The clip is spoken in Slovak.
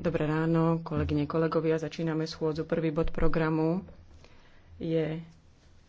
Dobré ráno, kolegyne, kolegovia. Začíname schôdzu. Prvý bod programu je